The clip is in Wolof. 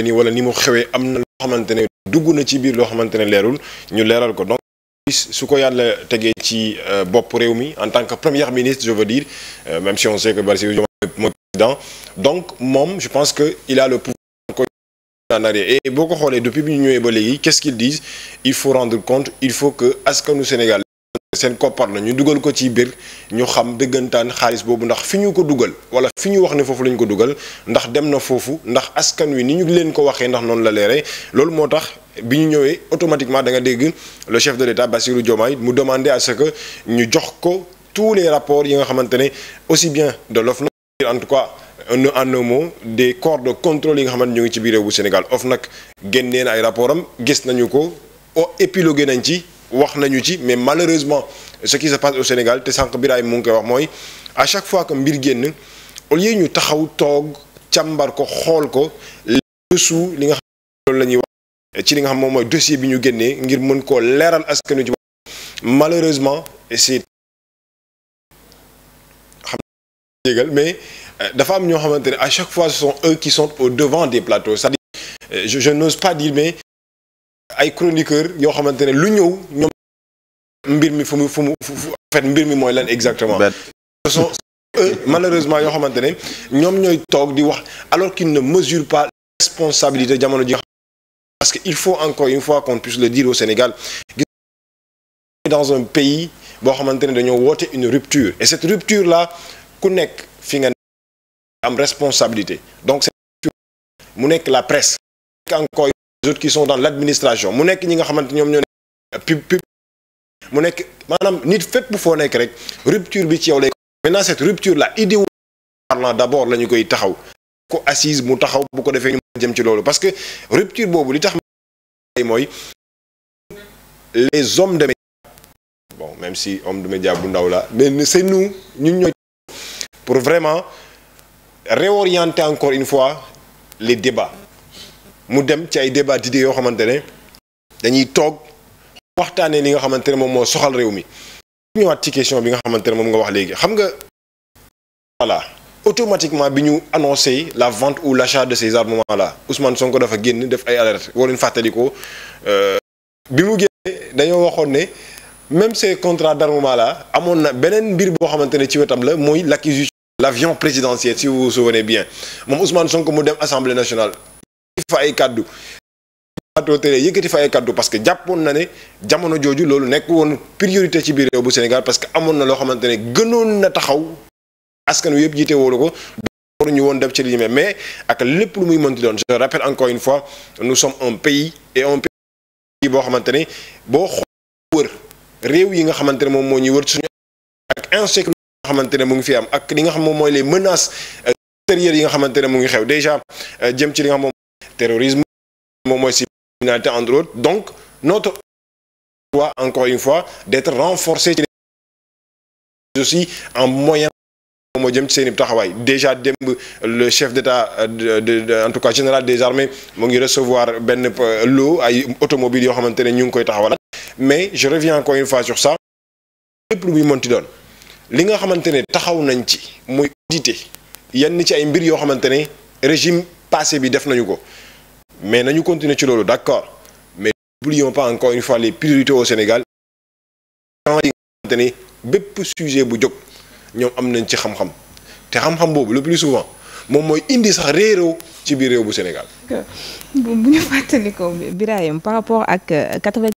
xewee nii wala ni mu xewee am na loo xamante ne dugg na ci biir loo xamante ne leerul ñu leeral ko donc su ko yàlla tegee ci euh, bopp réew mi en tant que premier ministre je veux dire euh, même si on sait que Bassirou Diomaye donc moom je pense que il a le pouvoir boo ko xoolee depuis bi ñu ñëwee ba léegi qu'est-ce qu'ils disent il faut rendre compte il faut que askanu Sénégal seen koppar la ñu dugal ko ci biir ñu xam dëggantaan xaalis boobu ndax fi ñu ko dugal wala fi ñu wax ne foofu la ñu ko dugal ndax dem na foofu ndax askan wi ni ñu leen ko waxee ndax noonu la leeree loolu moo tax bi ñu ñëwee automatiquement da nga dégg le chef de l'État Bassirou Diomaye mu demandé à ce ñu jox ko tous les rapports yi nga xamante ne aussi bien de l'OFNAC en tout cas en un mot des corps de contrôle yi nga xamante ñu ngi ci biir réew bu Sénégal OFNAC génnee na ay rapport am gis nañu ko épilogué nañ ci wax nañu ci mais malheureusement ce qui se passe au Sénégal te sànq Birahim mu ngi koy wax mooy à chaque fois que mbir génn au lieu ñu taxaw toog càmbar ko xool ko dessous li nga xam loolu la ñuy wax ci li nga xam moom mooy dossier bi ñu génnee ngir mën koo leeral askanu ci malheureusement c'est jégal mais euh, dafa am ñoo xamante ne à chaque fois ce sont eux qui sont au devant des plateaux c'est-à-dire euh, je, je n'ose pas dire mais ay chroniqueur yoo xamante ne lu ñëw ñoom mbir mi fu mu fu mu en mbir mi mooy lan exactement ce sont eux malheureusement yoo xamante ne ñoom ñooy toog di wax alors qu'ils ne mesurent pas responsabilité jamono ji parce que il faut encore une fois qu'on puisse le dire au Sénégal dans un pays boo xamante ne dañoo woote une rupture et cette rupture là ku nekk fi nga am responsabilité donc mu nekk la presse encore les autres qui sont dans l'administration mu nekk ñi nga xamante ñoom ñoo nekk mu nekk maanaam nit fépp foo nekk rek rupture bi ci yow lay maintenant cette rupture là idéo parlant d'abord la ñu koy taxaw ko assise mu taxaw bu ko defee ñu jëm ci loolu parce que rupture boobu li tax mooy les hommes de médias bon si homme média bu ndaw la mais c'est nous ñun ñooy pour vraiment réorienter encore une fois les débats mu dem ci ay débat d'idées yoo xamante ne dañuy toog waxtaanee li nga xamante ne moom moo soxal réew mi. ñëwaat ci question bi nga xamante ne moom nga wax léegi xam nga voilà automatiquement bi ñu annoncé la vente ou l'achat de ces la là Ousmane Sonko dafa génn def ay alerte waruñ fàttali ko euh, bi mu génnee dañoo waxoon ne même ces contrats d'armement là amoon na beneen mbir boo xamante ne ci wetam la mooy l'acquisition l'avion présidentiel si vous vous souvenez bien moom Ousmane Sonko mu dem assemblée nationale. fa ay kàddu plateau télé yëkkati fa ay kàddu parce que jàppoon na ne jamono jooju loolu nekk woon priorité ci biir réew bu Sénégal parce que amoon na loo xamante ne gënoon na taxaw askan wi yëpp jiite woolu ko woon def ci li mais ak lépp lu muy mënti doon je rappelle encore une fois nous sommes un pays et un pays boo xamante ne boo xool wër réew yi nga xamante ne moom moo ñuy wër suñu ak insécurité yi nga xamante ne mu ngi fi am ak li nga xam moom mooy les menaces euh, extérieures yi nga xamante ne mu ngi xew déjà euh, jëm ci li moom terrorisme moom mooy criminalité entre autres donc notre doit encore une fois d'être renforcé ci aussi en moyen moo jëm ci seen i taxawaay déjà démb le chef d'état euh, de en tout cas général des armées mu ngi recevoir benn euh, lot ay automobile yoo xamante ne ñu ngi koy taxawalaat mais je reviens encore une fois sur ça lépp lu muy doon li nga xamante ne taxaw nañ ci muy audité yenn ci ay mbir yoo xamante ne régime passé bi def nañu ko mais nañu continuer ci loolu d'accord mais n'oublions pas encore une fois les priorités au Sénégal temps yi nga xamante ni bépp sujet bu jog ñoom am nañ ci xam-xam te xam-xam boobu le plus souvent moom mooy indi sax réeróo ci biir réew bu Sénégal. bu ñu fàttalikoo Birahim par rapport ak euh,